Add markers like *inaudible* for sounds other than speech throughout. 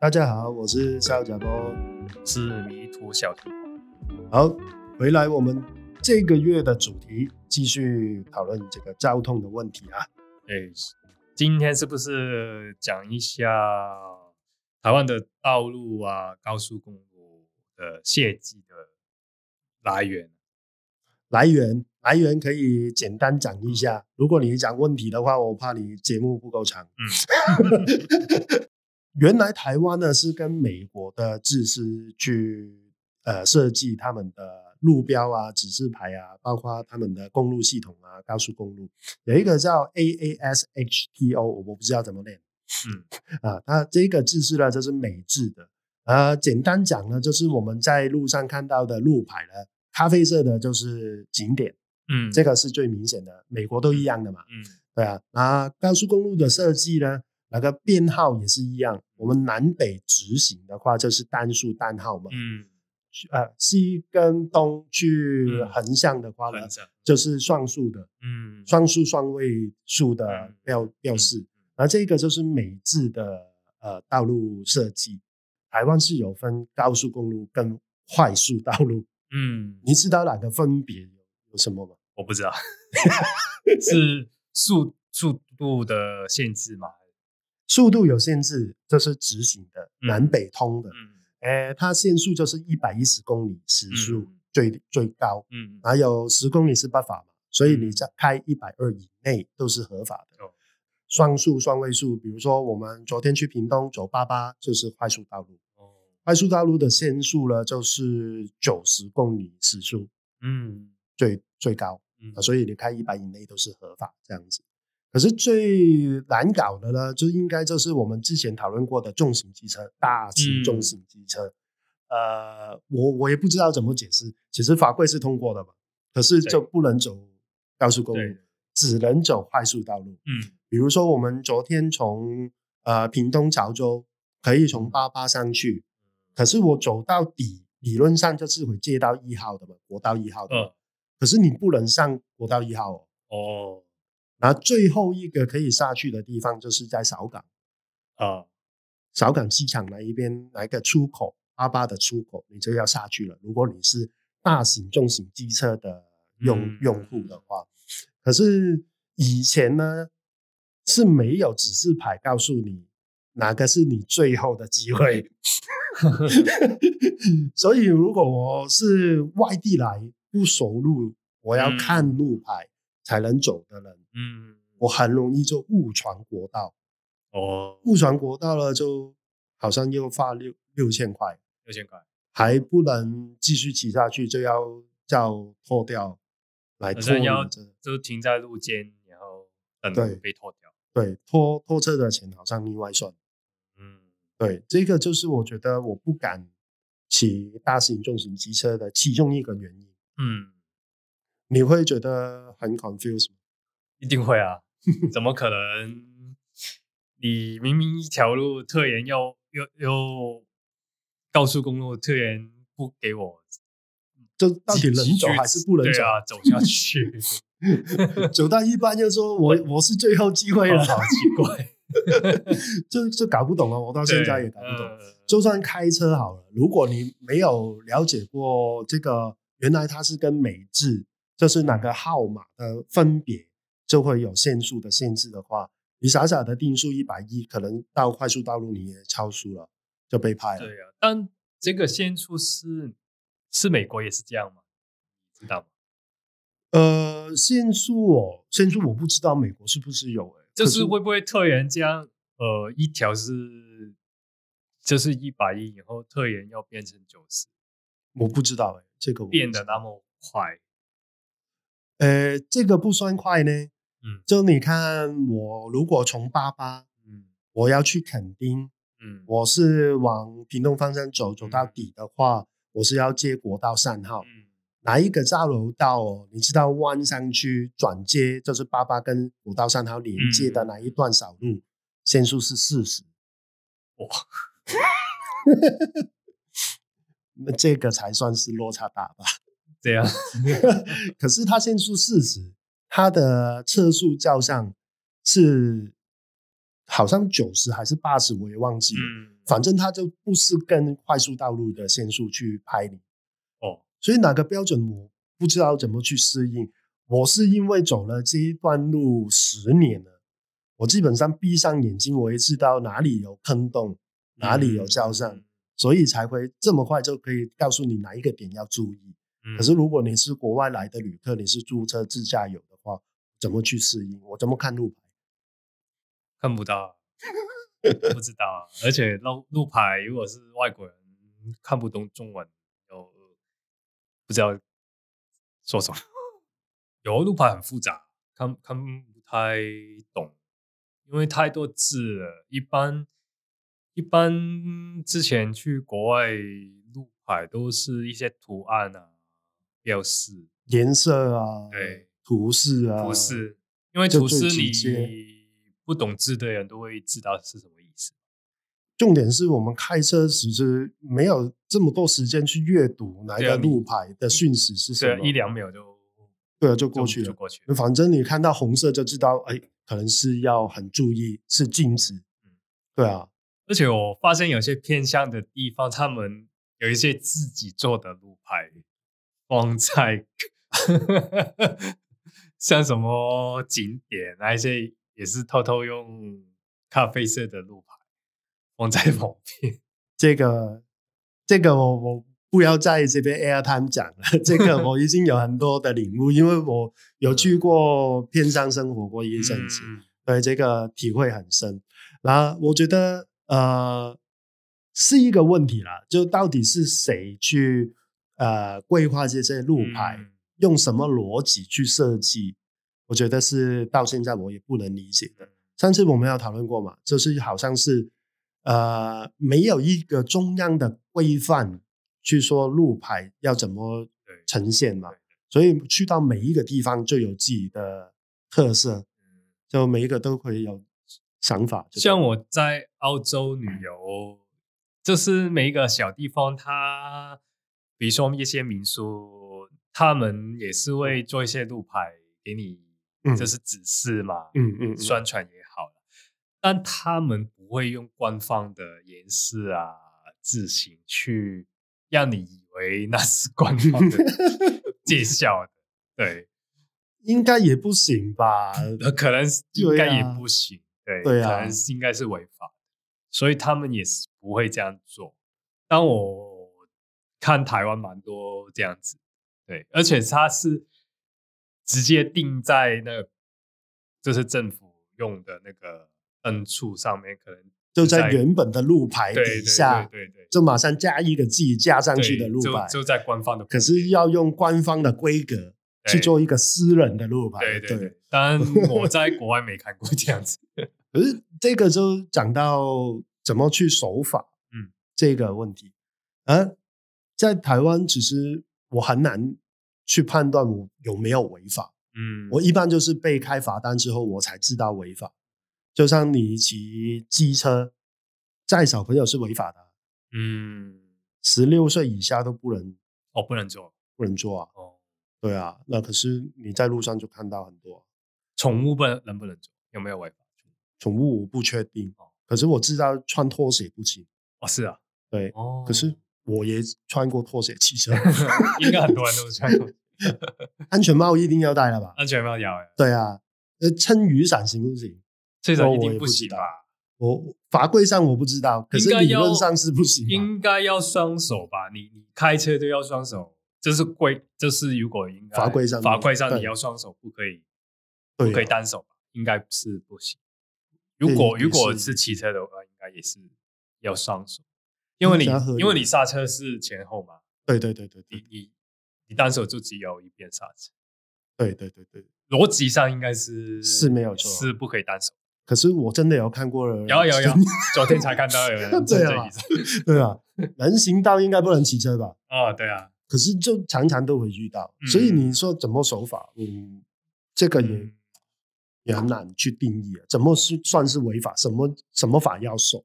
大家好，我是蕭甲哥，是迷途小弟。好，回來我們這個月的主題繼續討論這個交通的問題啊。哎，今天是不是講一下台灣的道路啊、高速公路的設計的來源？來源來源可以簡單講一下。如果你講問題的話，我怕你節目不夠長。嗯。 *laughs* 原來台灣呢，是跟美國的制式去呃設計他們的路標啊、指示牌啊，包括他們的公路系統啊、高速公路，有一個叫 AASHTO，我不知道怎麼念，嗯，啊、呃，那這個制式呢，就是美制的，呃，簡單講呢，就是我們在路上看到的路牌呢，咖啡色的就是景點，嗯，這個是最明顯的，美國都一樣的嘛，嗯，對啊，那、啊、高速公路的設計呢？那個編號也是一樣，我們南北直行的話，就是單數單號嘛。嗯，呃，西跟東去橫向的話呢，向就是雙數的，嗯，雙數雙位數的標標識。然後、嗯、這個就是美制的呃道路設計，台灣是有分高速公路跟快速道路。嗯，你知道哪個分別有什麼嗎？我不知道， *laughs* 是速速度的限制嗎？速度有限制，這是直行的、嗯、南北通的，嗯，哎、嗯，它限速就是一百一十公里時速最、嗯、最高，嗯，還有十公里是 buffer 嘛，所以你在開一百二以內都是合法的。雙、嗯、數雙位數，比如說我們昨天去屏東走八八就是快速道路，哦，快速道路的限速呢就是九十公里時速，嗯，嗯，最最高、嗯啊，所以你開一百以內都是合法這樣子。可是最難搞的呢，就應該就是我們之前討論過的重型機車、大型重型機車。嗯、呃，我我也不知道怎麼解釋，其實法規是通過的嘛，可是就不能走高速公路，只能走快速道路。嗯，比如說我們昨天從呃屏東潮州可以從八八上去，可是我走到底，理論上就是會接到一號的嘛，國道一號的嘛。嗯，可是你不能上國道一號哦。哦。然後最後一個可以下去的地方就是在韶港，呃、嗯，韶港機場那一邊來個出口，阿巴的出口，你就要下去了。如果你是大型重型機車的用、嗯、用戶的話，可是以前呢是沒有指示牌告訴你哪個是你最後的機會， *laughs* *laughs* 所以如果我是外地來不熟路，我要看路牌。嗯才能走的人，嗯，我很容易就誤闖國道，哦，誤闖國道了，就好像又罰六六千塊，六千塊，千塊還不能繼續騎下去，就要叫拖吊，來拖，拖。而且要就停在路肩，然後等對被拖吊，對拖拖車的錢好像另外算，嗯，對，這個就是我覺得我不敢騎大型重型機車的其中一個原因，嗯。你會覺得很 confused 嗎？一定會啊，怎麼可能？你明明一條路突然又又又高速公路，突然不給我，就到底能走還是不能走？對啊，走下去， *laughs* *laughs* 走到一半就說我我，我是最後機會了，好奇怪， *laughs* *laughs* 就就搞不懂了。我到現在也搞不懂。呃、就算開車好了，如果你沒有了解過這個，原來它是跟美制。就是哪個號碼的分別就會有限速的限制的話，你傻傻的定速一百一，可能到快速道路你也超速了，就被拍了。對啊，但這個限速是是美國也是這樣嗎？知道嗎？呃，限速哦，限速我不知道美國是不是有哎，欸，就這是，是會不會特嚴？這樣呃，一條是，就是一百一然後特嚴要變成九十，我不知道哎，欸，這個變得那麼快。呃，這個不算快呢。嗯，就你看，我如果從八八，嗯，我要去墾丁，嗯，我是往屏東方向走，走到底的話，嗯、我是要接國道三號。嗯、哪一個匝道、哦？你知道彎上去轉接，就是八八跟國道三號連接的哪一段小路？嗯、限速是四十。哇、哦， *laughs* *laughs* *laughs* 那這個才算是落差大吧。對啊，這 *laughs* 可是它限速四十，它的測速照相是好像九十還是八十，我也忘記了。嗯、反正它就不是跟快速道路的限速去拍你哦。所以哪個標準，我不知道怎麼去適應。我是因為走了這一段路十年了，我基本上閉上眼睛，我也知道哪裡有坑洞，哪裡有照相，嗯、所以才會這麼快就可以告訴你哪一個點要注意。可是，如果你是國外來的旅客，你是租車自駕遊的話，怎麼去適應？我怎麼看路牌？看不到， *laughs* 不知道，而且路路牌如果是外國人看不懂中文，有、呃，不知道說什麼，有路牌很複雜，看看不太懂，因為太多字了。一般一般之前去國外路牌都是一些圖案啊。表示顏色啊，對，圖示啊，不是，因為圖示你不懂字的人都會知道是什麼意思。重點是我們開車其實沒有這麼多時間去閱讀哪一個路牌的訊息，是什麼對、啊對啊，一兩秒就，對就過去了，就過去了。去了反正你看到紅色就知道，哎，可能是要很注意，是禁止。對啊，而且我發現有些偏向的地方，他們有一些自己做的路牌，放在呵呵像什麼景點，那些也是偷偷用咖啡色的路牌放在旁邊。這個，這個我我不要在這邊 Air Time 講了。這個我已經有很多的領悟， *laughs* 因為我有去過偏鄉生活過一陣子，嗯、所以這個體會很深。然後我覺得呃是一個問題啦，就到底是誰去？呃，規劃這些路牌嗯嗯，用什麼邏輯去設計？我覺得是到現在我也不能理解的。上次我們有討論過嘛，就是好像是呃，沒有一個中央的規範去說路牌要怎麼呈現嘛，所以去到每一個地方就有自己的特色，就每一個都會有想法。就像我在澳洲旅遊，就是每一個小地方它。比如說一些民宿，他們也是會做一些路牌給你，就是指示嘛，嗯嗯，宣傳也好，嗯嗯嗯，但他們不會用官方的顏色啊、字型去讓你以為那是官方的 *laughs* 介紹的，對，應該也不行吧？ *laughs* 可能應該也不行，對，啊、對，可能應該是違法，啊，所以他們也是不會這樣做。當我。看台灣蠻多這樣子，對，而且它是直接定在那個，就是政府用的那個恩處上面，可能在就在原本的路牌底下，對對對對，就馬上加一個自己加上去的路牌，對，就，就在官方的路牌，可是要用官方的規格去做一個私人的路牌，對，對對對。對但我在國外沒看過這樣子， *laughs* 可是這個就講到怎麼去守法，嗯，這個問題，啊。在台灣，其實我很難去判斷我有沒有違法。嗯，我一般就是被開罰單之後，我才知道違法。就像你騎機車載小朋友是違法的。嗯，十六歲以下都不能，哦，不能坐，不能坐啊。哦，對啊，那可是你在路上就看到很多。寵物不能，能不能坐，有沒有違法？寵物我不確定哦，可是我知道穿拖鞋也不行。哦，是啊，對，哦，可是。我也穿過拖鞋騎車， *laughs* *laughs* 應該很多人都穿過。 *laughs* *laughs* 安全帽一定要戴了吧？ *laughs* 安全帽要呀。對啊，呃、撐雨傘行不行？這種、哦、一定不行吧。我法規上我不知道，可是理論上是不行應。應該要雙手吧？你你開車都要雙手，這是規，這是如果應該法規上法規上你要雙手不可以，啊、不可以單手吧，應該是不行。以如果是如果是騎車的話，應該也是要雙手。因為你因為你剎車是前後嘛，對對對對，你你你單手就只有一邊剎車，對對對對，邏輯上應該是是沒有錯，是不可以單手。可是我真的有看過了，有有有，昨天才看到有人在這裡，對啊，人行道應該不能騎車吧？啊，對啊。可是就常常都會遇到，所以你說怎麼守法？嗯，這個也也很難去定義啊，怎麼是算是違法？什麼什麼法要守？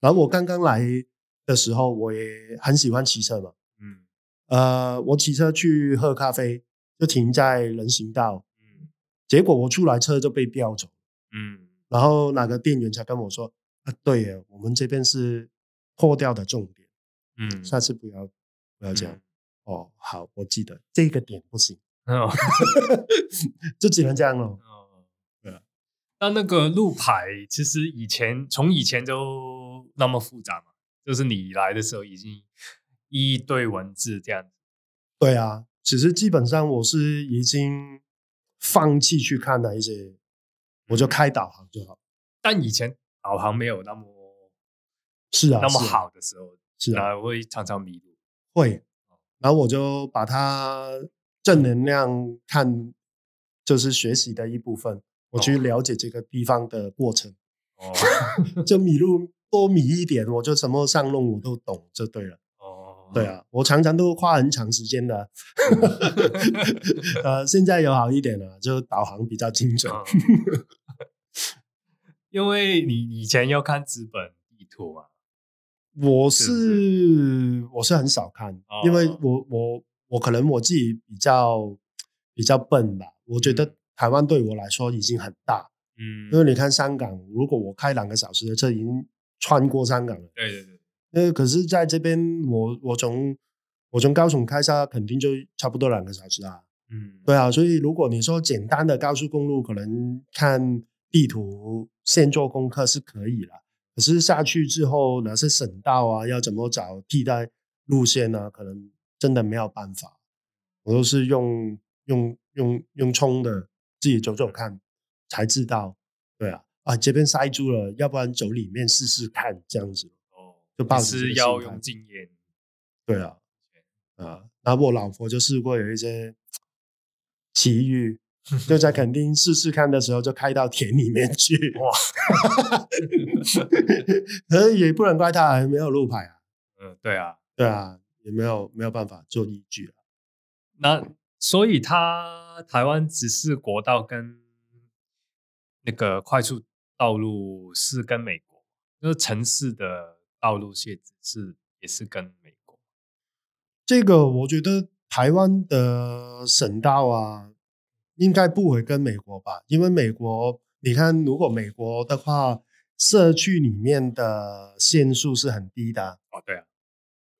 然後我剛剛來。的時候我也很喜歡騎車嘛，嗯，呃、我騎車去喝咖啡，就停在人行道，嗯，結果我出來車就被吊走，嗯，然後那個店員才跟我說，啊、對呀，我們這邊是破掉的重點，嗯，下次不要不要這樣，嗯、哦，好，我記得這個點不行，哦， *laughs* *laughs* 就只能這樣了，哦，那、哦啊、那個路牌其實以前從以前就那麼複雜嘛。就是你來的時候已經一堆文字這樣子，對啊，其實基本上我是已經放棄去看了一些，我就開導航就好。但以前導航沒有那麼，是啊，那麼好的時候，是啊，是啊，會常常迷路。會、啊，對哦、然後我就把它正能量看，就是學習的一部分，我去了解這個地方的過程。哦， *laughs* 就迷路。 *laughs* 多米一點，我就什麼上路我都懂，就對了。哦，對啊，我常常都花很長時間的啊。 *laughs* 現在有好一點了，就導航比較精準。因為你以前要看紙本地圖啊，我是我是很少看，因為我我我可能我自己比較比較笨吧。我覺得台灣對我來說已經很大，嗯，因為你看香港，如果我開兩個小時的車，已經。穿過香港了，對對對。那可是，在這邊我我從我從高雄開下，肯定就差不多兩個小時啊。嗯，對啊。所以如果你說簡單的高速公路，可能看地圖、先做功課是可以了。可是下去之後，哪是省道啊，要怎麼找替代路線呢、啊？可能真的沒有辦法。我都是用用用用衝的自己走走看、嗯、才知道。對啊。啊，這邊塞住了，要不然走裡面試試看，這樣子哦，就是要用經驗。對啊，Okay. 啊，那我老婆就試過有一些奇遇， *laughs* 就在墾丁試試看的時候，就開到田裡面去。哇， *laughs* *laughs* 也不能怪他，還沒有路牌啊。嗯，對啊，對啊，也沒有沒有辦法做依據啊。那所以他，他台灣只是國道跟那個快速。道路是跟美國，那城市的道路限制也是跟美國。這個我覺得台灣的省道啊，應該不會跟美國吧？因為美國，你看，如果美國的話，社區裡面的限速是很低的。哦，對啊，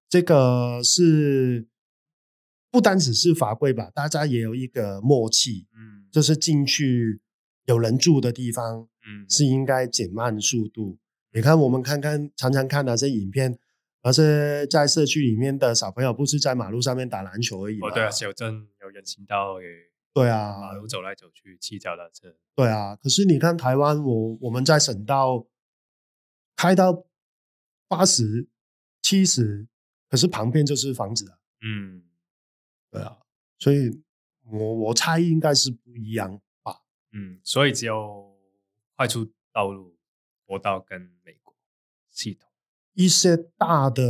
這個是不單只是法規吧，大家也有一個默契，嗯，就是進去有人住的地方。嗯，是應該減慢速度。你看，我們看看常常看那些影片，那些在社區裡面的小朋友，不是在馬路上面打籃球而已、哦、對啊，小鎮有人行道耶。對啊，馬路走來走去，啊、騎腳踏車。對啊，可是你看台灣，我我們在省道開到八十七十，可是旁邊就是房子啊。嗯，對啊，所以我我猜應該是不一樣吧。嗯，所以只有，快速道路，國道跟美國系統一些大的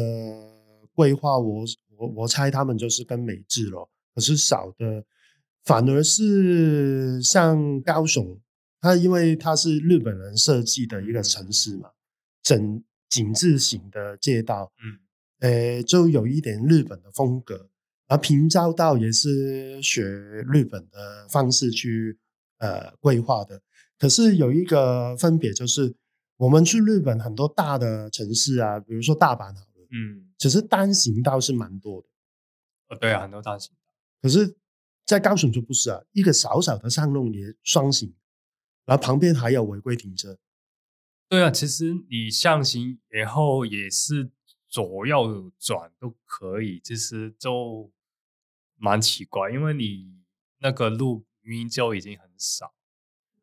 規劃我，我我我猜他們就是跟美制了。可是小的，反而是像高雄，它因為它是日本人設計的一個城市嘛，嗯、整井字型的街道，嗯，呃，就有一點日本的風格。而平交道也是學日本的方式去呃規劃的。可是有一個分別就是，我們去日本很多大的城市啊，比如說大阪好，好嗯，其實單行道是蠻多的，哦，對啊，很多單行道。可是，在高雄就不是啊，一個小小的上路也雙行，然後旁邊還有違規停車。對啊，其實你上行以後也是左右轉都可以，其實就蠻奇怪，因為你那個路明明就已經很少。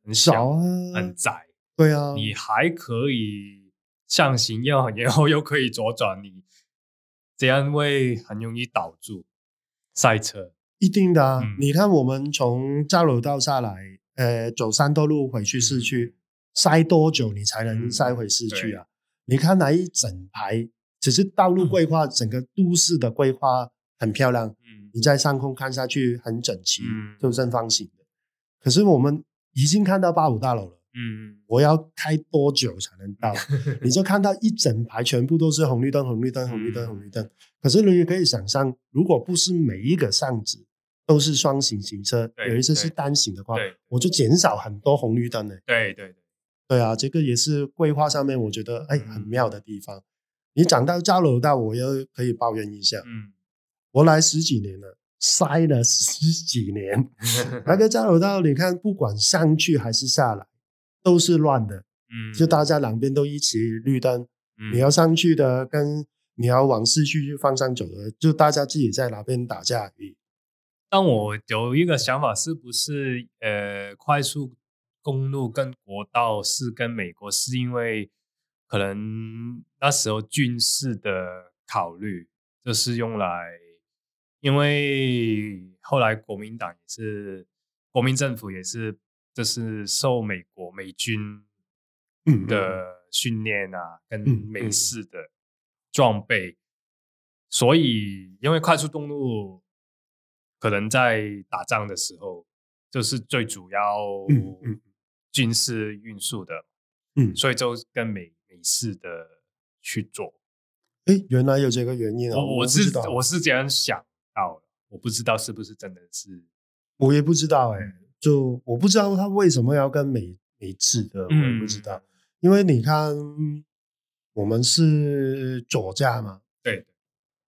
很少啊，很窄，對啊，你還可以上行右，然後又可以左轉你，你這樣會很容易倒住。塞車，一定的啊！嗯、你看我們從交流道下來，呃，走三多路回去市區，嗯、塞多久你才能塞回市區啊？啊你看那一整排，只是道路規劃，嗯、整個都市的規劃很漂亮，嗯，你在上空看下去很整齊，嗯、就正方形的，可是我們。已經看到八五大樓了，嗯嗯，我要開多久才能到？ *laughs* 你就看到一整排全部都是紅綠燈，紅綠燈，紅綠燈，嗯、紅綠燈。可是你也可以想象，如果不是每一個巷子都是雙行行車，有一些是單行的話，我就減少很多紅綠燈呢、欸。對對對，對啊，這個也是規劃上面我覺得哎很妙的地方。嗯、你講到交流道，我又可以抱怨一下，嗯，我來十幾年了。塞了十幾年，那 *laughs* 個交流道，你看，不管上去還是下來，都是亂的。嗯，就大家兩邊都一起綠燈，嗯、你要上去的，跟你要往市區去方向走的，就大家自己在那邊打架而已。但我有一個想法，是不是呃，快速公路跟國道是跟美國，是因為可能那時候軍事的考慮，就是用來。因為後來國民黨也是，國民政府也是，就是受美國美軍的訓練啊，跟美式的裝備，所以因為快速道路可能在打仗的時候就是最主要軍事運輸的，嗯，所以就跟美美式的去做。哎，原來有這個原因啊！我是我是這樣想。我不知道是不是真的是，我也不知道哎、欸，對就我不知道他為什麼要跟美美制的，我也不知道，嗯、因為你看，我們是左駕嘛，對，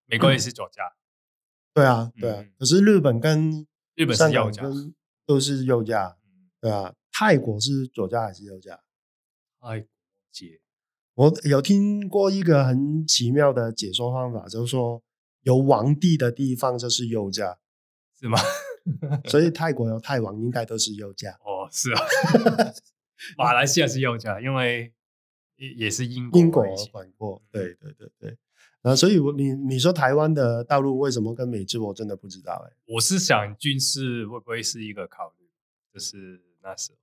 美國也是左駕、嗯，對啊，對啊，嗯、可是日本跟，上跟日本是右駕，都是右駕，對啊，泰國是左駕還是右駕？泰國、哎、我有聽過一個很奇妙的解說方法，就是說。有皇帝的地方就是右駕，是嗎？ *laughs* 所以泰國有泰王應該都是右駕。哦，是啊， *laughs* 馬來西亞是右駕，因為也也是英國英國管過。對對對對，嗯、啊，所以我你你說台灣的道路為什麼跟美制？我真的不知道哎、欸。我是想軍事會不會是一個考慮？就是那時候。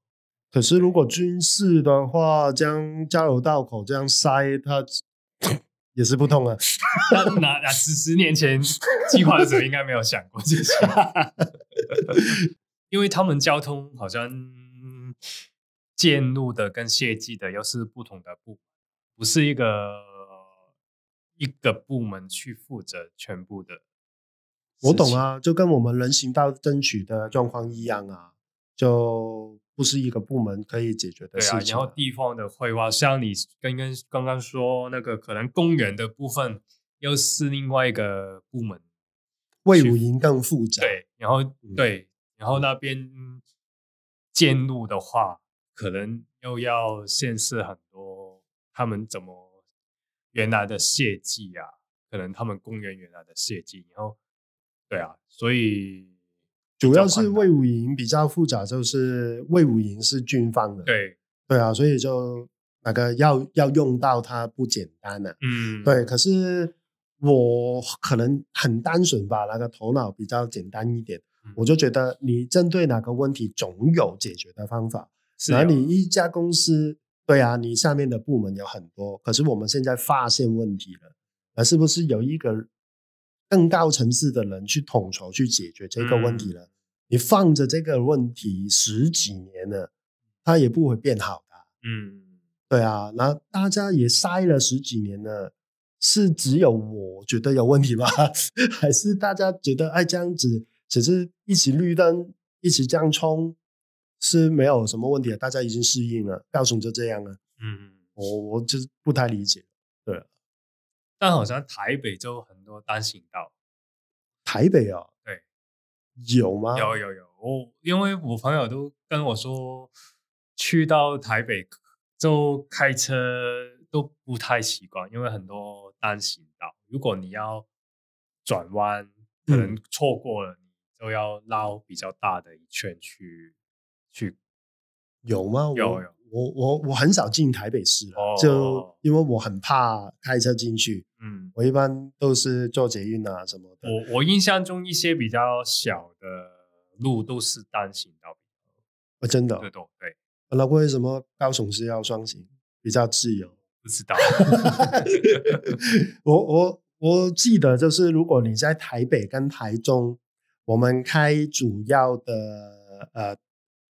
可是如果軍事的話，將交流道口這樣塞，它。也是不通啊 *laughs* 那那十十年前計劃的時候應該沒有想過這些， *laughs* 因為他們交通好像建路的跟設計的又是不同的部，不是一個一個部門去負責全部的。我懂啊，就跟我們人行道爭取的狀況一樣啊，就。不是一個部門可以解決的事情。對、啊、然後地方的規劃，像你跟跟剛剛說那個，可能公園的部分又是另外一個部門，會五營更複雜。對，然後、嗯、對，然後那邊建路的話，可能又要現設很多，他們怎麼原來的設計啊？可能他們公園原來的設計，然後對啊，所以。主要是衛武營比較複雜，就是衛武營是軍方的，對、嗯、對啊，所以就那個要要用到它不簡單的、啊、嗯，對。可是我可能很單純吧，那個頭腦比較簡單一點，嗯、我就覺得你針對哪個問題總有解決的方法。是有。那你一家公司，對啊，你下面的部門有很多，可是我們現在發現問題了，那是不是有一個？更高層次的人去統籌去解決這個問題了。嗯。你放着這個問題十幾年了，它也不會變好的。嗯，對啊，那大家也塞了十幾年了，是只有我覺得有問題嗎？還是大家覺得哎這樣子，只是一起綠燈一起這樣衝，是沒有什麼問題的？大家已經適應了，交通就這樣了。嗯，我我就是不太理解。但好像台北就很多單行道，台北啊，對，有嗎？有有有，我、哦、因為我朋友都跟我說，去到台北就開車都不太習慣，因為很多單行道，如果你要轉彎，可能錯過了、嗯、你就要繞比較大的一圈去去。有嗎？有有。我我我很少進台北市，哦、就因為我很怕開車進去。嗯，我一般都是坐捷運啊什麼的。我我印象中一些比較小的路都是單行道。啊，真的，對老對。那、啊、為什麼高雄是要雙行？比較自由，不知道。 *laughs* *laughs* 我我我記得就是如果你在台北跟台中，我們開主要的呃。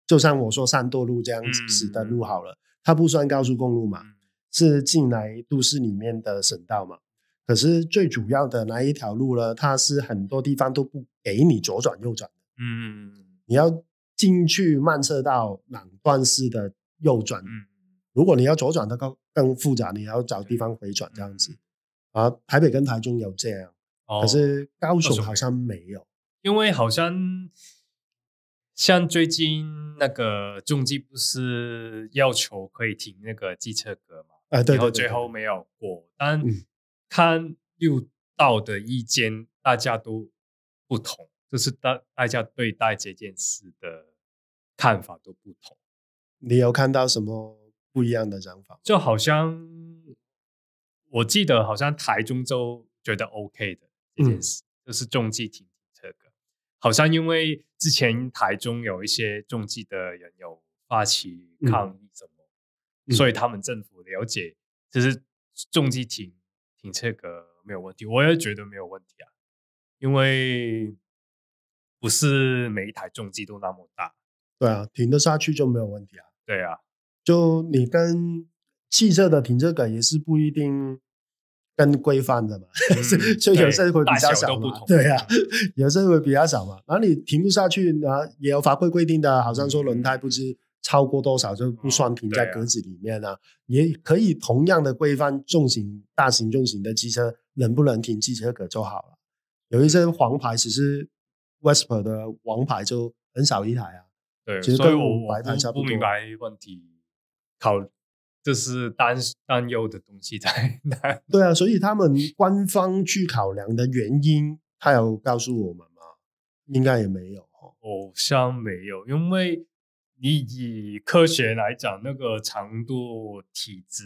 就像我說三多路這樣子的路好了，嗯、它不算高速公路嘛，嗯、是進來都市裡面的省道嘛。可是最主要的那一條路呢，它是很多地方都不給你左轉右轉的。嗯，你要進去慢車道，兩段式的右轉。嗯、如果你要左轉，的更更複雜，你要找地方回轉這樣子。嗯嗯、啊，台北跟台中有這樣，哦、可是高雄好像沒有，哦、因為好像。嗯像最近那個重機不是要求可以停那個機車格嘛？啊，對、對、對，然後最後沒有過。但看六道的意見，嗯、大家都不同，就是大大家對待這件事的看法都不同。你有看到什麼不一樣的想法？就好像我記得，好像台中州覺得 OK 的這件事，嗯、就是重機停。好像因為之前台中有一些重機的人有發起抗議什麼、嗯，嗯、所以他們政府了解，其實重機停停車格沒有問題，我也覺得沒有問題啊，因為不是每一台重機都那麼大，對啊，停得下去就沒有問題啊，對啊，就你跟汽車的停車格也是不一定。跟規範的嘛、嗯，所以 *laughs* 有些會比較少嘛，對，對呀、啊，有些會比較少嘛。然後你停不下去，啊，也有法規規定的、啊，好像說輪胎不知超過多少就不算停在格子裡面啊。嗯、啊也可以同樣的規範重型、大型、重型的機車能不能停機車格就好了。有一些黃牌只是 Vespa 的王牌就很少一台啊，對，其實對我小白不，不明白問題，考。這是擔擔憂的東西在，對啊，所以他們官方去考量的原因，他有告訴我們嗎？應該也沒有，好像沒有，因為你以科學來講，那個長度、體積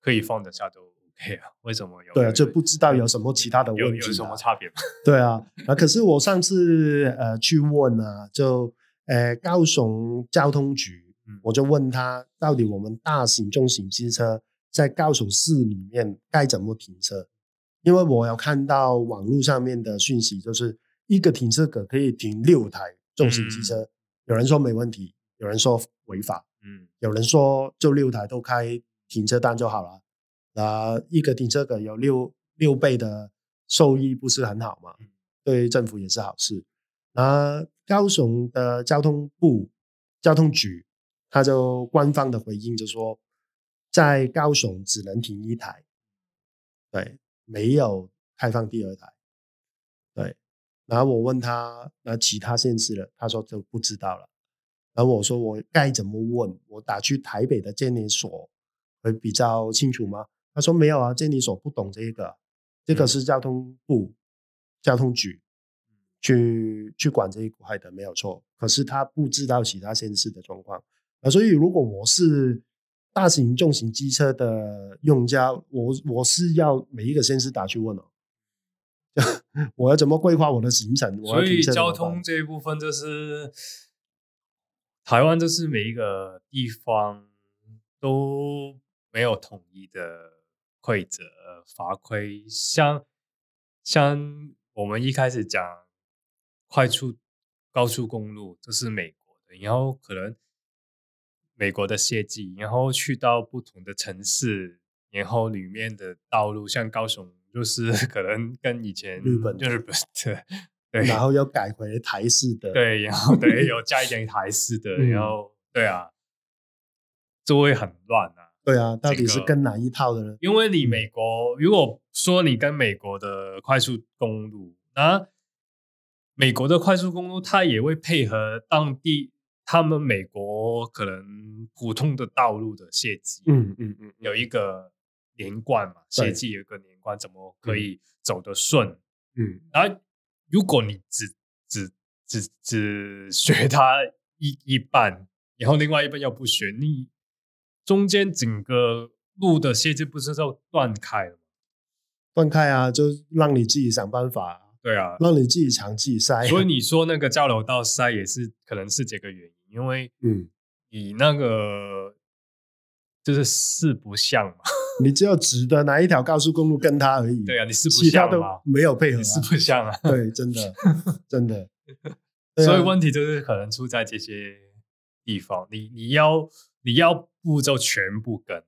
可以放得下都 OK 啊。為什麼有，有？對啊，就不知道有什麼其他的問題，啊有，有什麼差別嗎？對啊，啊，可是我上次呃去問啊，就呃高雄交通局。我就問他，到底我們大型重型機車在高雄市裡面該怎麼停車？因為我有看到網絡上面的訊息，就是一個停車格可以停六台重型機車。有人說沒問題，有人說違法，嗯，有人說就六台都開停車單就好了，呃。那一個停車格有六六倍的收益，不是很好嗎？對政府也是好事，呃。那高雄的交通部交通局。他就官方的回應就說，在高雄只能停一台，對，沒有開放第二台，對。然後我問他，那其他縣市的，他說就不知道了。然後我說我該怎麼問？我打去台北的監理所會比較清楚嗎？他說沒有啊，監理所不懂這個，這個是交通部交通局去去管這一塊的，沒有錯。可是他不知道其他縣市的狀況。啊，所以如果我是大型重型機車的用家，我我是要每一個縣市打去問哦、喔，就，我要怎麼規劃我的行程？所以交通這一部分就是台灣，就是每一個地方都沒有統一的規則法規，像像我們一開始講快速高速公路，這是美國的，然後可能。美國的設計，然後去到不同的城市，然後裡面的道路像高雄，就是可能跟以前日本就日本對，然後又改回台式的，對，然後 *laughs* 對，有加一點台式的，然後、嗯、對啊，就會很亂啊。對啊，到底是跟哪一套的呢、這個？因為你美國，如果說你跟美國的快速公路那、啊、美國的快速公路，它也會配合當地。他們美國可能普通的道路的設計，嗯嗯嗯，有一個連貫嘛，設計有一個連貫，對怎麼可以走得順？嗯，啊，如果你只只只只學它一一半，然後另外一半又不學，你中間整個路的設計不是就斷開了嗎？斷開啊，就讓你自己想辦法。對啊，讓你自己嘗自己塞，所以你說那個交流道塞也是可能是這個原因，因為嗯，你那個就是四不像嘛，你只有直的哪一條高速公路跟他而已，對啊，你四不像嘛，其他都沒有配合，啊，你四不像啊，對，真的 *laughs* 真的，啊、所以問題就是可能出在這些地方，你你要你要步驟全部跟。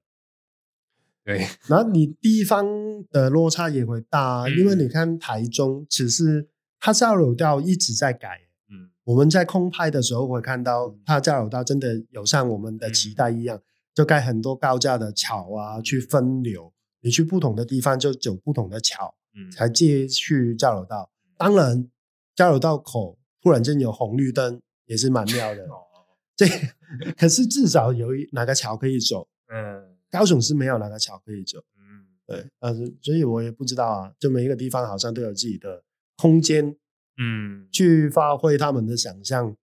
對，然後你地方的落差也會大，嗯、因為你看台中，只是它交流道一直在改。嗯，我們在空拍的時候會看到，它交流道真的有像我們的期待一樣，嗯、就蓋很多高架的橋啊，去分流。你去不同的地方就走不同的橋，嗯，才接去交流道。當然，交流道口突然間有紅綠燈也是蠻妙的。這、嗯、可是至少有哪個橋可以走，嗯。高雄是沒有那個巧克力酒，嗯，對，呃、啊，所以我也不知道啊。就每一個地方好像都有自己的空間，嗯，去發揮他們的想象、嗯、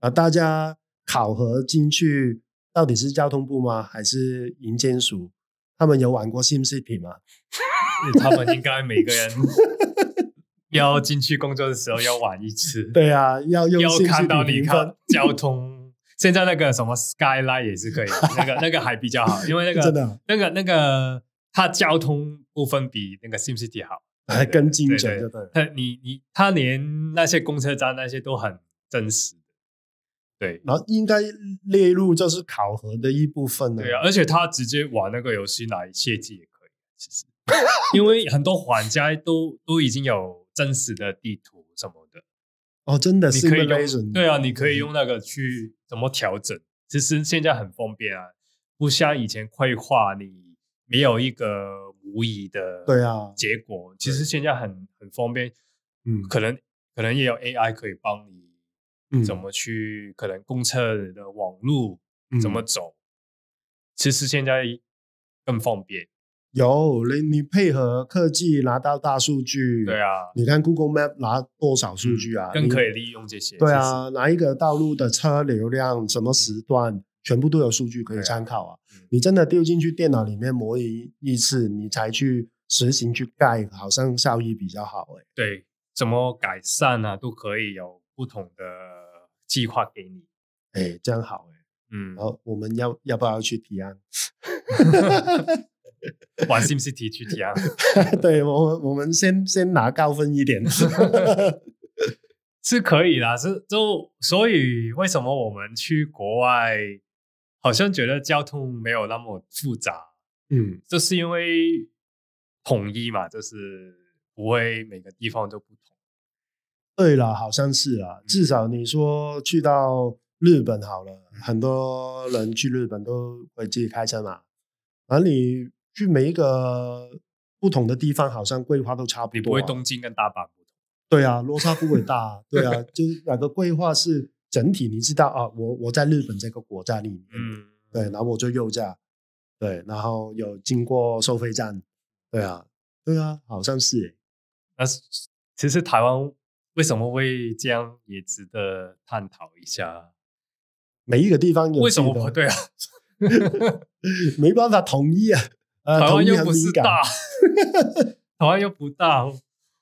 啊。大家考核進去到底是交通部嗎，還是營建署？他們有玩過 SimCity 嗎？他們應該每個人要進去工作的時候要玩一次。 *laughs* 對啊，要用。要看到你看交通。 *laughs* 現在那個什麼 Skyline 也是可以的， *laughs* 那個那個還比較好，因為那個真的、啊、那個那個它交通部分比那個 SimCity 好，對對還更精準。對對對，他你你他連那些公車站那些都很真實的，對。然後應該列入就是考核的一部分了。對啊，而且他直接玩那個遊戲來設計也可以，其實， *laughs* 因為很多玩家都都已經有真實的地圖。哦，oh, 真的？你可以用，對啊，你可以用那個去怎麼調整？其實現在很方便啊，不像以前規劃，你沒有一個模擬的。對啊結果。啊、其實現在很很方便，嗯，可能可能也有 AI 可以幫你，嗯，怎麼去、嗯、可能公車的網路怎麼走？嗯、其實現在更方便。有你，你配合科技拿到大數據，對啊。你看 Google Map 拿多少數據啊？更可以利用這些。對啊，哪一個道路的車流量、什麼時段，全部都有數據可以參考啊。你真的丟進去電腦裡面模擬一次，你才去實行去蓋，好像效益比較好哎。對，怎麼改善啊？都可以有不同的計劃給你。哎，這樣好。嗯。然後我們要要不要去提案？玩是不是 TGT 啊？ *laughs* *laughs* 對我，我們先，先先拿高分一點， *laughs* *laughs* 是可以啦，所以為什麼我們去國外，好像覺得交通沒有那麼複雜？嗯，就是因為統一嘛，就是不會每個地方都不同。對啦，好像是啦、啊。嗯、至少你說去到日本好了，嗯、很多人去日本都會自己開車嘛，而你。去每一個不同的地方，好像規劃都差不多、啊。你不會東京跟大阪不同？對啊，落差不會大、啊。 *laughs* 對啊，就是兩個規劃是整體。你知道啊，我我在日本這個國家裡面，嗯、對，然後我就右駕，對，然後有經過收費站，對啊，對啊，好像是。但是、啊、其實台灣為什麼會這樣，也值得探討一下。每一個地方有為什麼不對啊？ *laughs* 沒辦法統一啊。呃、台灣又不是大， *laughs* 台灣又不大，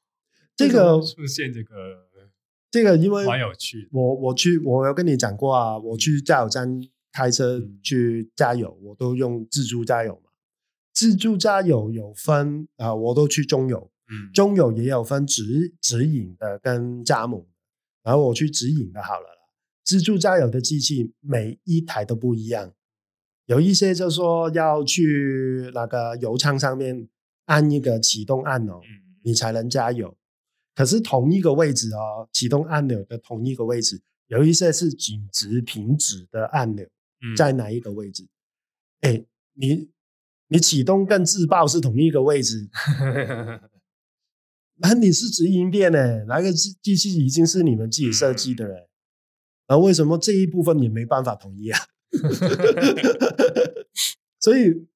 *laughs* 這個出現這個這個因為蠻有趣。我我去，我有跟你講過啊，我去加油站開車去加油，我都用自助加油嘛。自助加油有分啊，我都去中油，嗯、中油也有分直直營的跟加盟，然後我去直營的好了啦。自助加油的機器每一台都不一樣。有一些就說要去那個油槍上面按一個啟動按鈕，你才能加油。可是同一個位置哦，啟動按鈕的同一個位置，有一些是緊急停止的按鈕，在哪一個位置？哎、嗯欸，你你啟動跟自爆是同一個位置？ *laughs* 那你是直營店呢、欸？那個機器已經是你們自己設計的了，那為什麼這一部分你沒辦法統一啊？ *laughs* *laughs* 所以，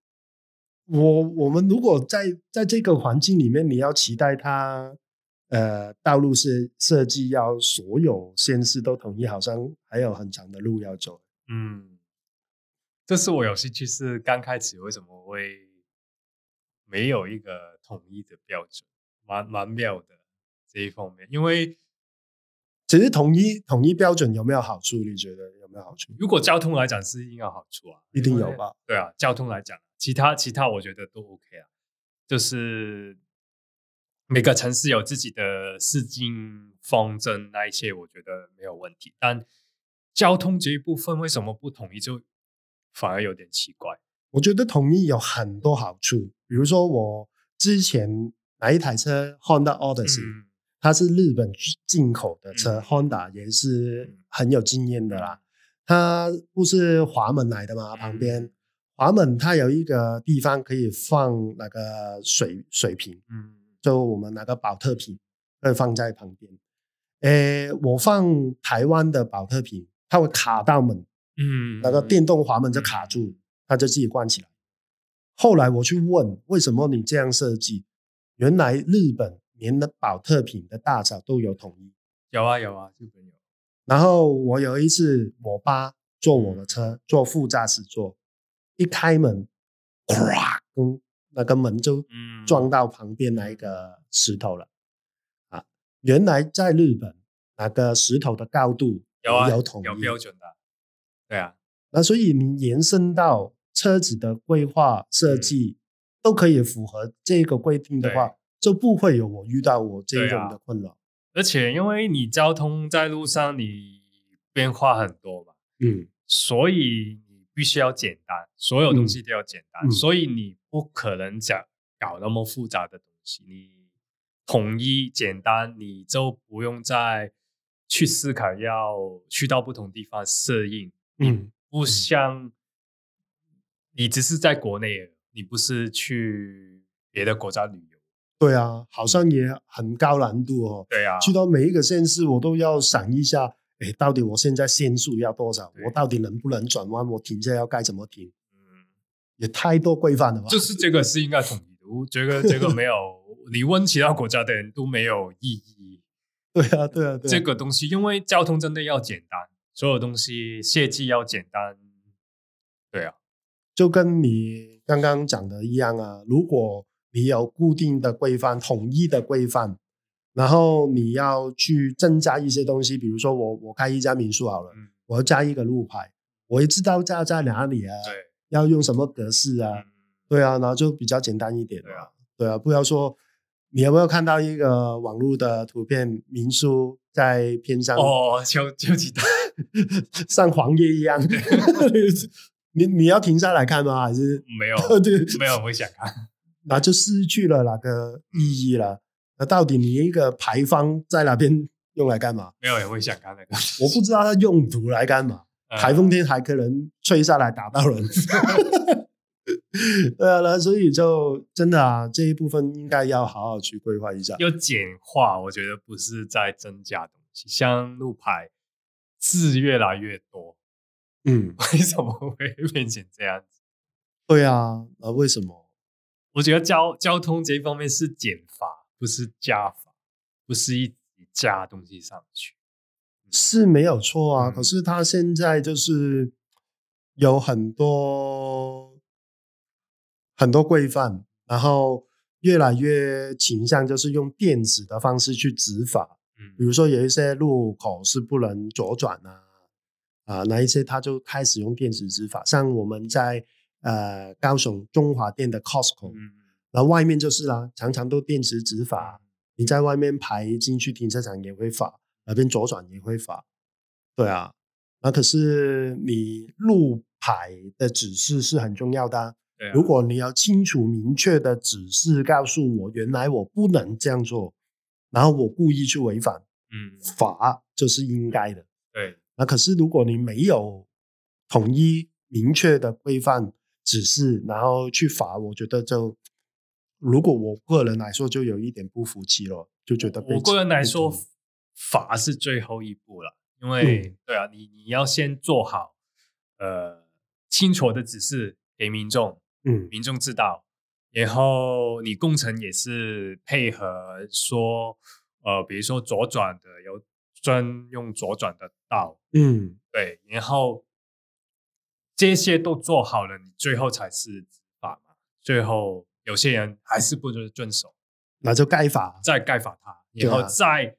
我我們如果在在這個環境裡面，你要期待它，呃，道路是設計要所有縣市都統一，好像還有很長的路要走。嗯，這是我有興趣是剛開始為什麼會沒有一個統一的標準，蠻蠻妙的這一方面，因為。只是統一統一標準有沒有好處？你覺得有沒有好處？如果交通來講，是應該有好處啊，一定有吧、吧？對啊，交通來講，其他其他我覺得都 OK 啊。就是每個城市有自己的市井方針，那一些我覺得沒有問題。但交通這一部分為什麼不統一，就反而有點奇怪？我覺得統一有很多好處，比如說我之前買一台車 Honda Odyssey。嗯它是日本進口的車，Honda 也是很有經驗的啦。它不是滑門來的嘛，旁邊滑門它有一個地方可以放那個水水瓶，嗯，就我們那個保特瓶可以放在旁邊。誒，我放台灣的保特瓶，它會卡到門，嗯，那個電動滑門就卡住，它就自己關起來。後來我去問，為什麼你這樣設計，原來日本。連的寶特瓶的大小都有統一。啊？有啊有啊，就有。然後我有一次，我爸坐我的車坐副駕駛座，一開門，咵、呃，跟那個門就撞到旁邊那個石頭了。嗯、啊，原來在日本那個石頭的高度有統一有統、啊、一有標準的。對啊，那所以你延伸到車子的規劃設計、嗯、都可以符合這個規定的話。就不會有我遇到我這樣的困擾、啊，而且因為你交通在路上，你變化很多嘛。嗯，所以你必須要簡單，所有東西都要簡單，嗯嗯、所以你不可能講搞那麼複雜的東西。你統一簡單，你就不用再去思考要去到不同地方適應。嗯、不、嗯、像你只是在國內，你不是去別的國家旅遊。對啊，好像也很高難度哦、喔。對啊，去到每一個縣市，我都要想一下，哎、欸，到底我現在限速要多少？對我到底能不能轉彎？我停車要該怎麼停？嗯，也太多規範了吧？就是這個是應該統一的，我覺對得這個沒有，你問 *laughs* 其他國家的人都沒有意義。對啊，對啊，對啊，這個東西對因為交通真的要簡單，所有東西設計要簡單。對啊，就跟你剛剛講的一樣啊，如果，你有固定的規範、統一的規範，然後你要去增加一些東西，比如說我我開一家民宿好了，嗯、我要加一個路牌，我也知道加在哪裡啊，對要用什麼格式啊，嗯、對啊，然後就比較簡單一點對啊。對啊，不要說你有沒有看到一個網路的圖片，民宿在偏上哦，就就其他， *laughs* 像黃頁一樣，對 *laughs* 你你要停下來看嗎？還是沒有， *laughs* 對，沒有，不想看、啊。那就失去了那個意義了？那到底你一個牌坊在那邊用來幹嘛？沒有也會想看那個， *laughs* 我不知道它用途來幹嘛。台風天還可能吹下來打到人。 *laughs* *laughs* *laughs* 對啊，那所以就真的啊，這一部分應該要好好去規劃一下。要簡化，我覺得不是在增加東西，像路牌字越來越多，嗯，為什麼會變成這樣子？對啊，那、呃、為什麼？我覺得交交通，這一方面是減法，不是加法，不是一直加東西上去，是沒有錯啊。嗯、可是他現在就是有很多很多規範，然後越來越傾向就是用電子的方式去執法。嗯，比如說有一些路口是不能左轉吶，啊，那、呃、一些他就開始用電子執法，像我們在。呃，高雄中華店的 Costco，、嗯、然後外面就是啦、啊，常常都電子執法，嗯、你在外面排進去停車場也會罰，那邊左轉也會罰，對啊，那可是你路牌的指示是很重要的，啊、如果你要清楚明確的指示告訴我，原來我不能這樣做，然後我故意去違反，嗯，罰就是應該的，對，那可是如果你沒有統一明確的規範。指示，然後去罰，我覺得就如果我個人來說，就有一點不服氣咯，就覺得我個人來說，罰是最後一步了，因為、嗯、對啊，你你要先做好，呃，清楚的指示給民眾，嗯，民眾知道，嗯、然後你工程也是配合說，呃，比如說左轉的有專用左轉的道，嗯，對，然後。這些都做好了，你最後才是法嘛。最後有些人還是不遵遵守，那就該法，再該法他，啊、然後再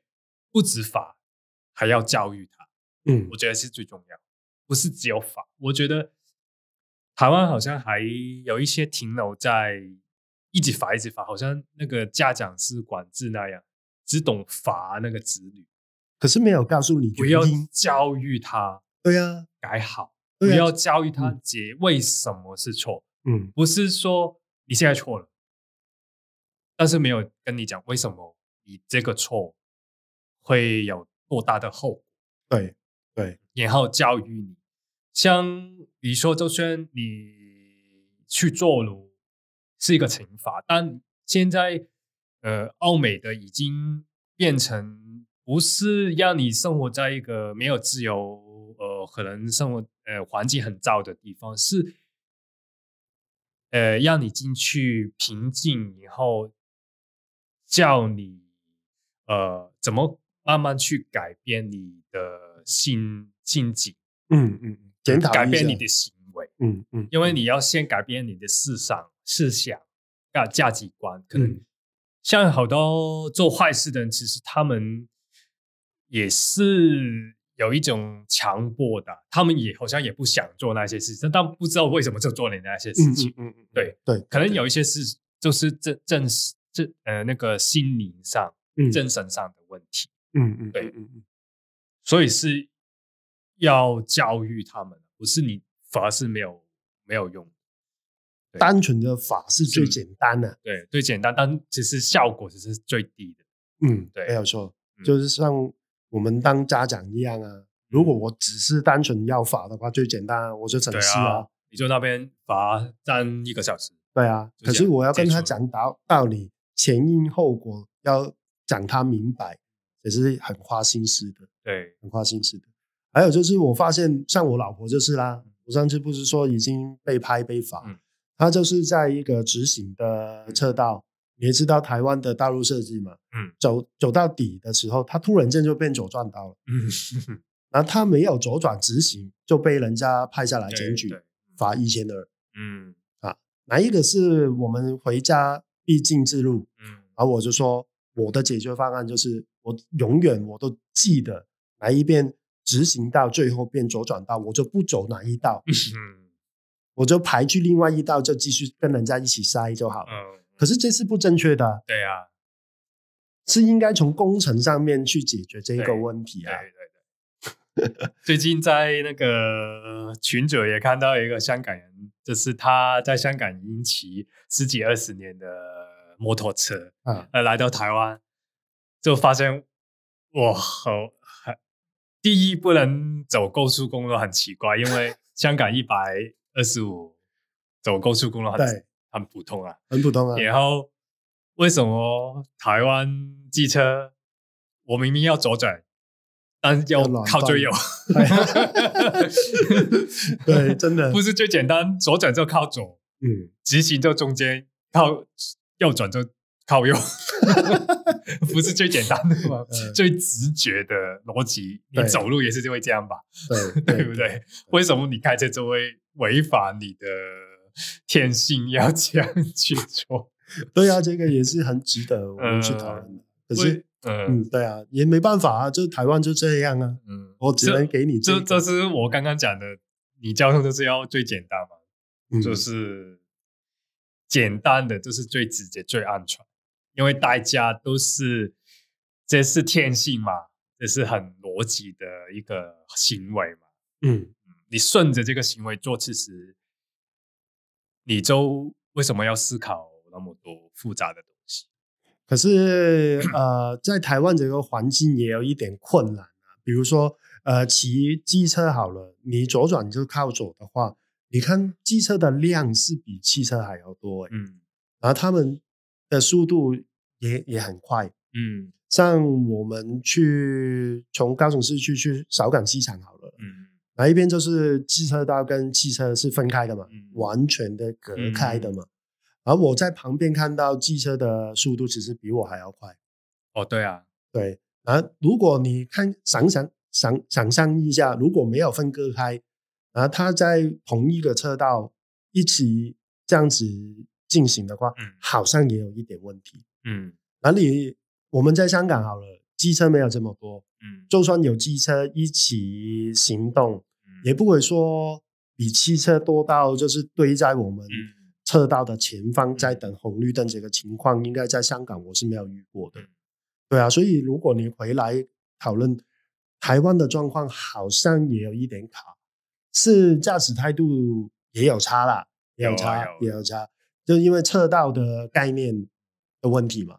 不執法，還要教育他。嗯，我覺得是最重要，不是只有法。我覺得台灣好像還有一些停留在一直罰一直罰，好像那個家長式管制那樣，只懂罰那個子女，可是沒有告訴你原因，不要教育他。對呀、啊，改好。你要教育他解、嗯，姐為什麼是錯？嗯，不是說你現在錯了，嗯，但是沒有跟你講為什麼你這個錯會有多大的後果。對對，對，然後教育你，像比如說周軒，周深你去坐牢是一個懲罰，但現在呃，歐美的已經變成不是讓你生活在一個沒有自由。可能生活呃環境很糟的地方是，呃，讓你進去平靜以後，叫你呃怎麼慢慢去改變你的心心境，嗯嗯，嗯討改變你的行為，嗯嗯，嗯因為你要先改變你的思想、嗯、思想啊價值觀，可能、嗯、像好多做壞事的人，其實他們也是。有一種強迫的，他們也好像也不想做那些事情，但不知道為什麼就做你那些事情。嗯嗯，對、嗯嗯嗯、對，對可能有一些事就是正正是這呃那個心靈上、嗯精神上的問題。嗯嗯，嗯對嗯嗯，所以是要教育他們，不是你法是沒有沒有用的，單純的法是最簡單的，對最簡單，但其實效果只是最低的。嗯，對，沒有錯，嗯、就是像。我們當家長一樣啊！如果我只是單純要罰的話，最簡單啊，我就整事啊，啊，你就那邊罰站一個小時。對啊，想可是我要跟他講道道理，前因後果，要講他明白，也是很花心思的。對，很花心思的。還有就是，我發現像我老婆就是啦，啊，我上次不是說已經被拍被罰，嗯、她就是在一個直行的車道。你也知道台灣的道路設計嗎？嗯、走走到底的時候，他突然間就變左轉道了。嗯嗯嗯、然後他沒有左轉直行，就被人家拍下來檢舉，罰一千二。嗯，啊，哪一個是我們回家必經之路？嗯，然後我就說，我的解決方案就是，我永遠我都記得哪一邊直行到最後變左轉道，我就不走哪一道。嗯，我就排去另外一道，就繼續跟人家一起塞就好了。嗯、哦。可是這是不正確的啊。對啊，是應該從工程上面去解決這個問題啊。對對，對，對 *laughs* 最近在那個群組也看到一個香港人，就是他在香港已經騎十幾二十年的摩托車啊，呃，來到台灣，就發現哇，好，第一不能走高速公路，很奇怪，因為香港一百二十五走高速公路很奇怪。很普通啊，很普通啊。然後為什麼台灣機車，我明明要左轉，但是要靠最右？ *laughs* *laughs* 對，真的不是最簡單，左轉就靠左，嗯，直行就中間，靠右轉就靠右， *laughs* 不是最簡單的嗎？嗯、最直覺的邏輯，對你走路也是就會這樣吧？對，對，對， *laughs* 對不對？對，為什麼你開車就會違反你的？天性要這樣去做， *laughs* 對啊，這個也是很值得我們去討論的。嗯、可是，嗯，嗯，對啊，也沒辦法啊，就台灣就這樣啊。嗯，我只能給你這個，這是我剛剛講的，你交通就是要最簡單嘛，就是簡單的就是最直接、嗯、最安全，因為大家都是這是天性嘛，這、就是很邏輯的一個行為嘛。嗯，你順着這個行為做，其實。你就為什麼要思考那麼多複雜的東西？可是，呃，在台灣這個環境也有一點困難啊。比如說，呃，騎機車好了，你左轉就靠左的話，你看機車的量是比汽車還要多，嗯，然後他們的速度也也很快，嗯，像我們去從高雄市去去小港機場好了，嗯。那一邊就是機車道跟汽車是分開的嘛，嗯、完全的隔開的嘛。而、嗯、我在旁邊看到機車的速度其實比我還要快。哦，對啊，對。然後如果你看想想想想，想象一下，如果沒有分割開，然後它在同一個車道一起這樣子進行的話，嗯、好像也有一點問題。嗯，那你我們在香港好了，機車沒有這麼多，嗯，就算有機車一起行動。也不會說比汽車多到就是堆在我們車道的前方在等紅綠燈這個情況，應該在香港我是沒有遇過的。對啊，所以如果你回來討論台灣的狀況，好像也有一點卡，是駕駛態度也有差啦，也有差，哦哦、也有差，就因為車道的概念的問題嘛。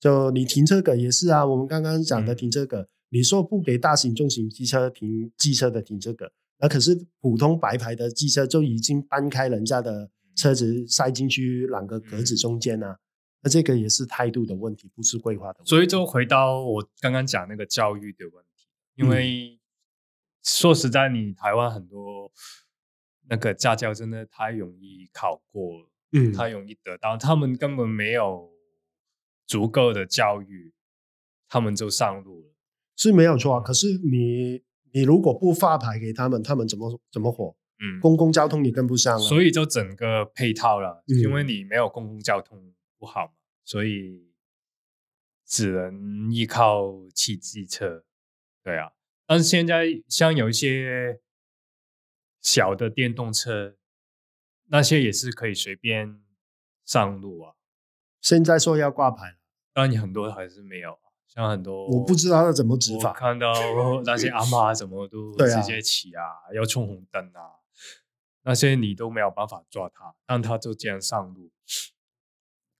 就你停車格也是啊，我們剛剛講的停車格，嗯、你說不給大型重型機車停機車的停車格。可是普通白牌的機車就已經搬開人家的車子，塞進去兩個格子中間呢、啊。那、嗯、這個也是態度的問題，不是規劃的問題。所以就回到我剛剛講那個教育的問題，因為說實在，你台灣很多那個駕校真的太容易考過，嗯，太容易得到，他們根本沒有足夠的教育，他們就上路了，是沒有錯啊。可是你。你如果不發牌給他們，他們怎麼怎麼活？嗯，公共交通你跟不上了，所以就整個配套了，嗯，因為你沒有公共交通不好嘛，所以只能依靠騎機車。對啊，但是現在像有一些小的電動車，那些也是可以隨便上路啊。現在說要掛牌，但你很多還是沒有。像很多，我不知道他怎麼執法。我看到那些阿媽，什麼都直接騎啊，啊要衝紅燈啊，那些你都沒有辦法抓他，但他就這樣上路，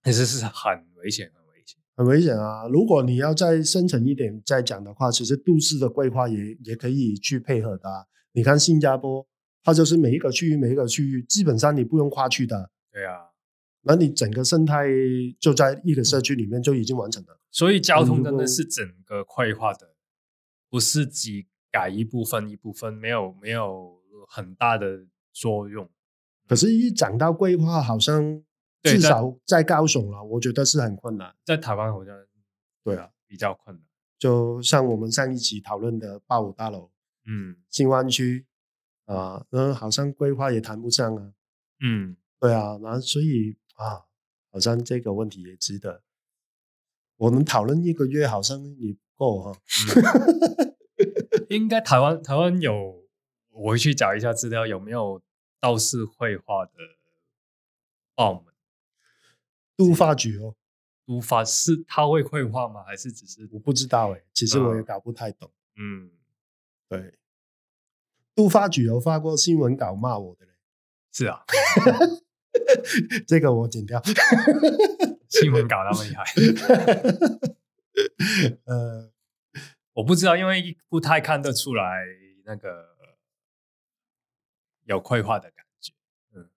其實是很危險，很危險，很危險啊！如果你要再深層一點再講的話，其實都市的規劃也也可以去配合的啊。你看新加坡，它就是每一個區域，每一個區域基本上你不用跨區的。對啊。那你整個生態就在一個社區裡面就已經完成了，所以交通真的是整個規劃的，如果，不是只改一部分一部分，沒有沒有很大的作用。可是，一講到規劃，好像至少在高雄啦，啊，我覺得是很困難。在台灣好像對啊，對啊比較困難。就像我們上一期討論的八五大樓，嗯，新灣區啊，那好像規劃也談不上啊。嗯，對啊，那所以。啊，好像這個問題也值得。我們討論一個月好像也不夠哈。嗯、 *laughs* 應該台灣台灣有，我會去找一下資料，有沒有道士繪畫的澳門都發局哦？都發是他會繪畫嗎？還是只是我不知道哎，、欸？其實我也搞不太懂。嗯，對。都發局有發過新聞稿罵我的嘞。是啊。嗯 *laughs* *laughs* 這個我剪掉 *laughs* ，新聞稿那麼厲害。 *laughs* *laughs* 呃，我不知道，因為不太看得出來那個有規劃的感覺、嗯。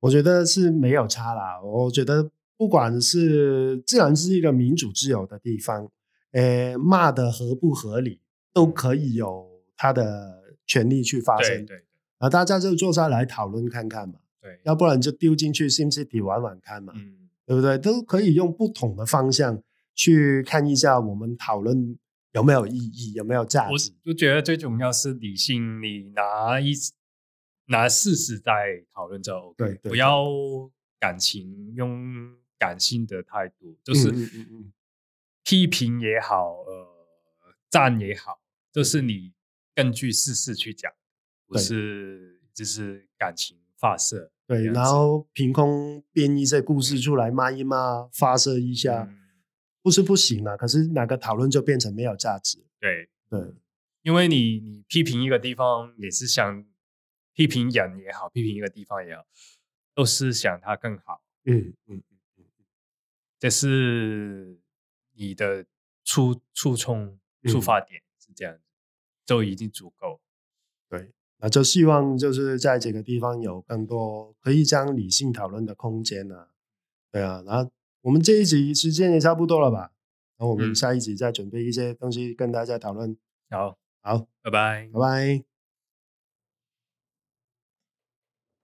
我覺得是沒有差啦。我覺得不管是自然是一個民主自由的地方，誒、欸，罵的合不合理都可以有他的權利去發聲。對，對對。啊，大家就坐下來討論看看嘛。對，要不然就丟進去 SimCity 玩玩看嘛，嗯、對不對？都可以用不同的方向去看一下，我們討論有沒有意義，嗯、有沒有價值？我就覺得最重要是理性，你拿一拿事實在討論就 OK，對對，不要感情，用感性的態度，就是批評也好，嗯、呃，贊也好，就是你根據事實去講，對不是就是感情。嗯發洩，對，然後憑空編一些故事出來，罵一罵，發洩一下，嗯、不是不行啊。可是哪個討論就變成沒有價值？對對，對，因為你你批評一個地方，也是想批評人也好，批評一個地方也好，都是想它更好。嗯嗯嗯，這是你的初、初衷，出發點是這樣，嗯、就已經足夠。啊，就希望就是在這個地方有更多可以將理性討論的空間呢、啊，對啊，然後我們這一集時間也差不多了吧，那我們下一集再準備一些東西跟大家討論，好、嗯、好，拜拜，拜拜。